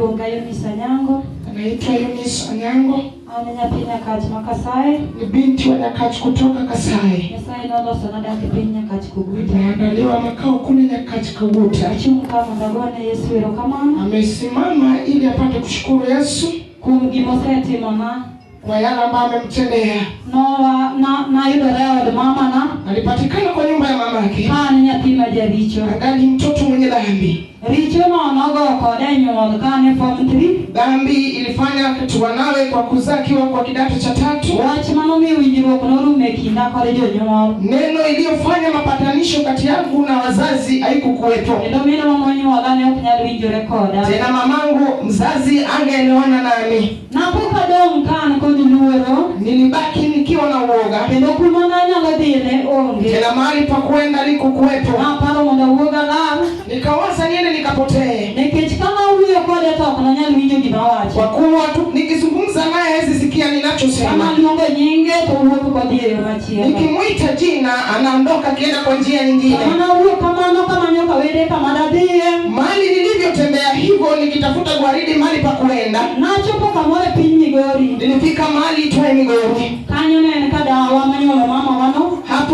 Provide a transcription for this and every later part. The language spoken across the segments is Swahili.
Ndibunga Eunice Anaitwa Eunice Anyango. Ananyapia Nyakach Makasai. Ni binti wa Nyakach kutoka Kasai. Kasai Nyasai sana nodagi piny Nyakach Kuguta. Ameandaliwa makao kule Nyakach Kuguta. Achimu kama ndagone Yesu kama. Amesimama ili apate kushukuru Yesu Kumgimosete mama. Kwa yale ambayo amemtendea. No na na nayudore mama na Alipatikana kwa nyumba ya mama yake. ne nyathi ma jaricho. Angali mtoto mwenye dhambi. Richema onogo okode nyuol kane form three Dhambi ilifanya tuwanawe wanawe kwa kuzakiwa kwa kidato cha tatu. Wach manomiyo winjruok norume e kinda kod jonyuol. Neno iliyofanya mapatanisho kati yangu na wazazi haikukuwepo. Kendo mino mamonyuola ne ok nyal winjore koda. Tena mamangu mzazi angeelewana nani Napok kan kod luoro. Nilibaki nikiwa na uoga. Kendo kuma nanyalo dhine ne onge. Tena mahali pa kwenda likukuwepo. Naparo mondo uoga alal. nikawasa niende mimi nikapotee, nikichikana huyo kwa hata wakananya mingi ginawacha, kwa kuwa tu nikizungumza naye hawezi sikia ninachosema, kama niongo nyingi kwa kwa bila yonachia, nikimuita jina anaondoka akienda kwa njia nyingine, maana huyo kama anoka manyoka wele pa madadie mali nilivyotembea hivyo nikitafuta gwaridi mali pa kuenda nacho pa kamore pinyi gori nilifika mali itwaye Migori kanyone kada wa mama wano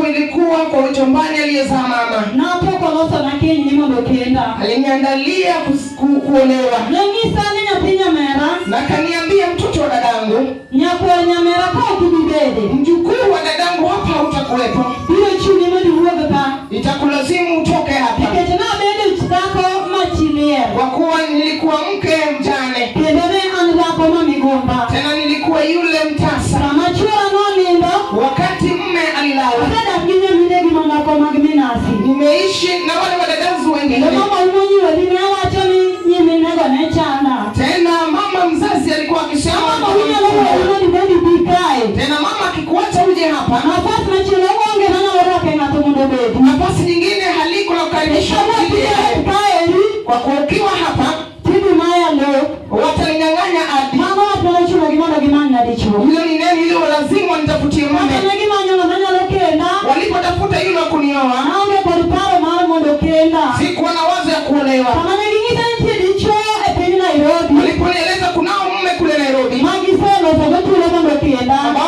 nilikuwa kwa uchombani aliyezaa mama napo koloso nakie nyimo dokenda aliniandalia kuolewa nangisane nyathi nakaniambia mtoto wa dadangu nyakwe mera ka kibibede mjukuu wa dadangu hapa hautakuwepo biro chunimo itakulazimu utoke hapa nikech nabede uchidhako kwa kuwa nilikuwa mke mjani nasi, nimeishi na wale wadadazi wengine nosotros podemos ¿Verdad?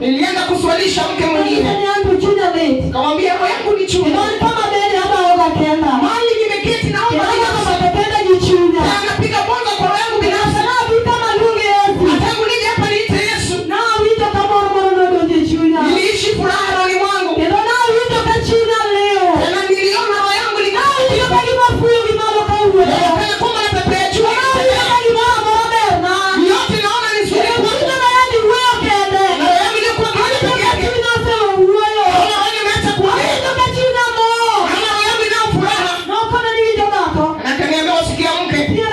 nilienda kuswalisha mke tem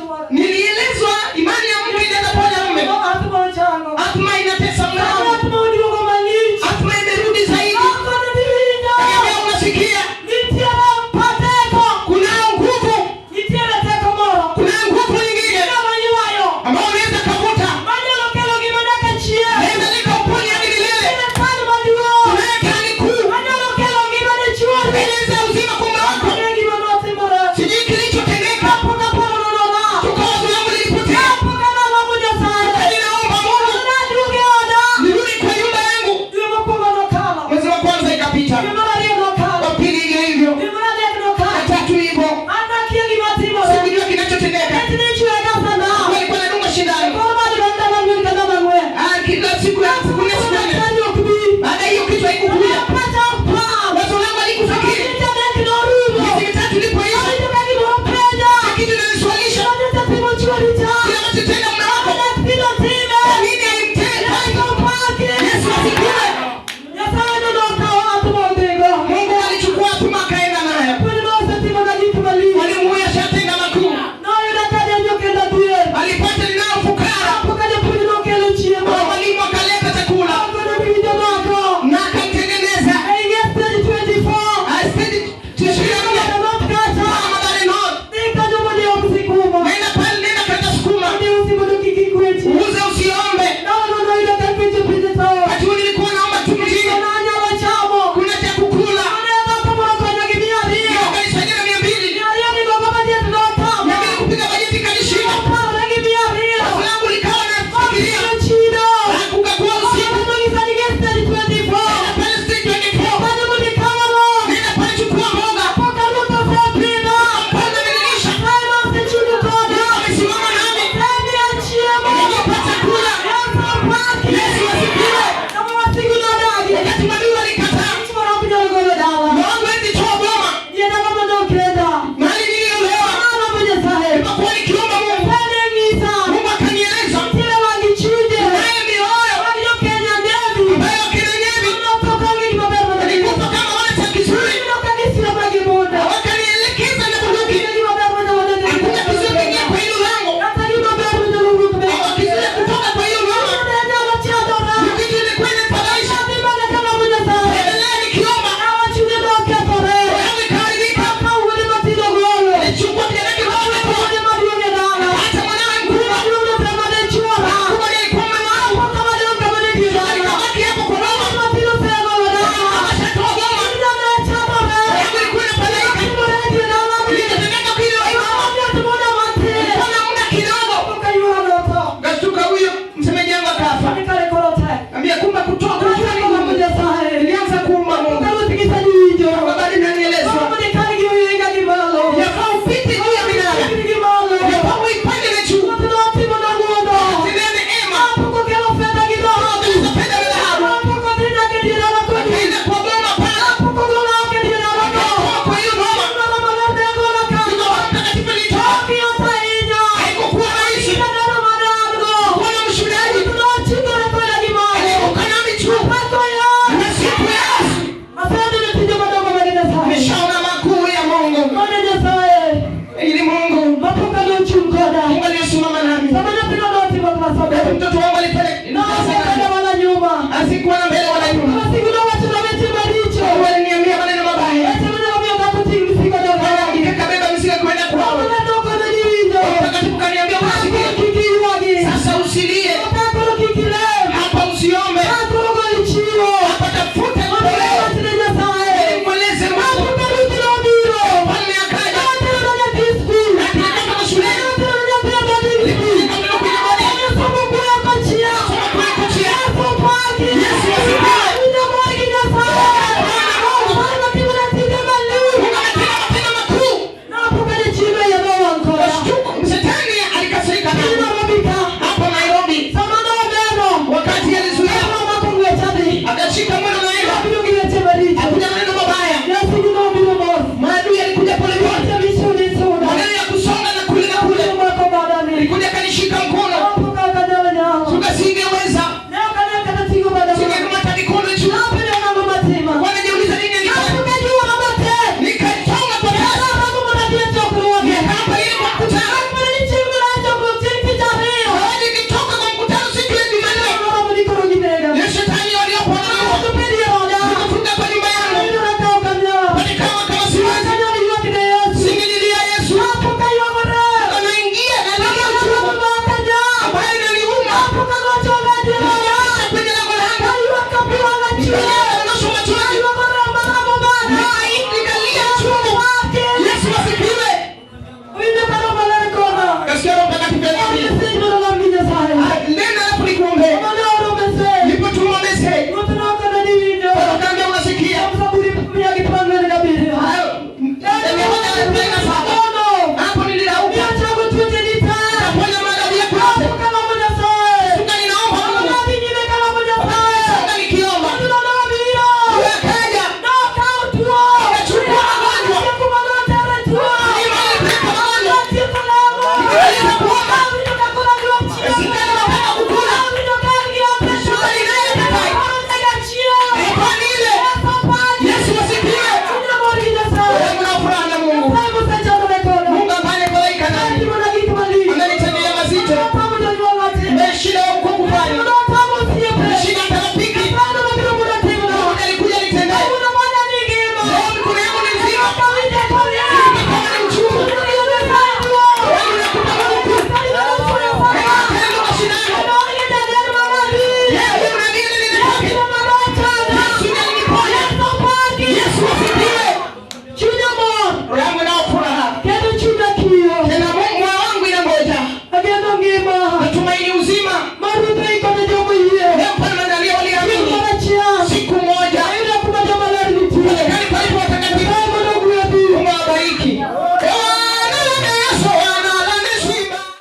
what you